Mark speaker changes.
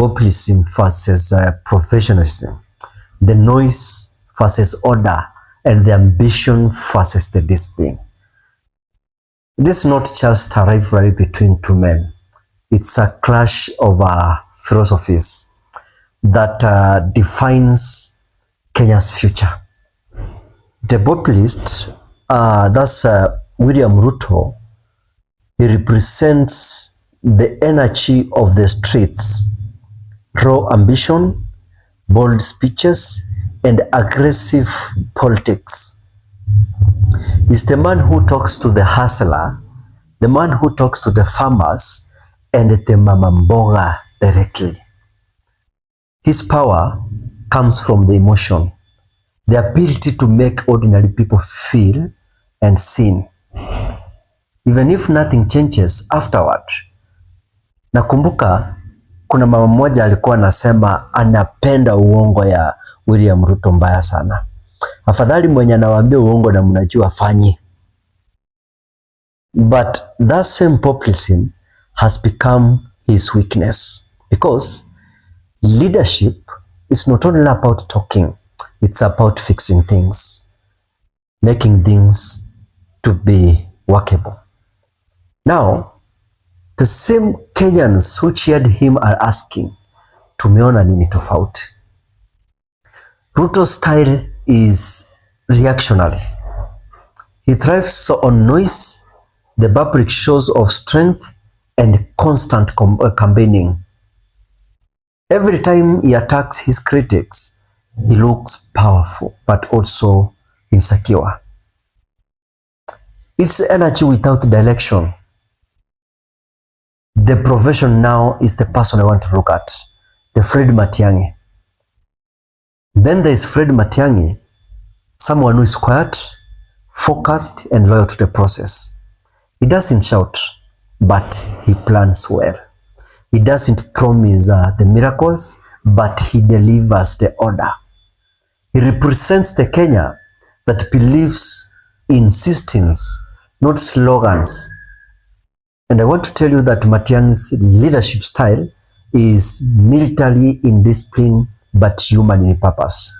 Speaker 1: hypocrisy versus uh, professionalism, the noise versus order, and the ambition versus the discipline. This is not just a rivalry between two men. It's a clash of uh, philosophies that uh, defines Kenya's future. The populist, uh, that's uh, William Ruto, he represents the energy of the streets raw ambition, bold speeches, and aggressive politics. He's the man who talks to the hustler, the man who talks to the farmers, and the mama mboga directly. His power comes from the emotion, the ability to make ordinary people feel and seen, even if nothing changes afterward.
Speaker 2: Nakumbuka kuna mama mmoja alikuwa anasema anapenda uongo ya William Ruto mbaya sana. Afadhali mwenye anawaambia uongo na mnajua afanyi.
Speaker 1: But that same populism has become his weakness because leadership is not only about talking, it's about fixing things, making things to be workable. Now, The same Kenyans who cheered him are asking, tumeona nini tofauti? Ruto style is reactionary. He thrives on noise, the public shows of strength and constant uh, campaigning. Every time he attacks his critics, he looks powerful but also insecure. It's energy without direction. The profession now is the person I want to look at, the Fred Matiang'i. Then there is Fred Matiang'i, someone who is quiet, focused and loyal to the process. He doesn't shout, but he plans well. He doesn't promise uh, the miracles, but he delivers the order. He represents the Kenya that believes in systems, not slogans, And I want to tell you that Matiang's leadership style is military in discipline but human in purpose.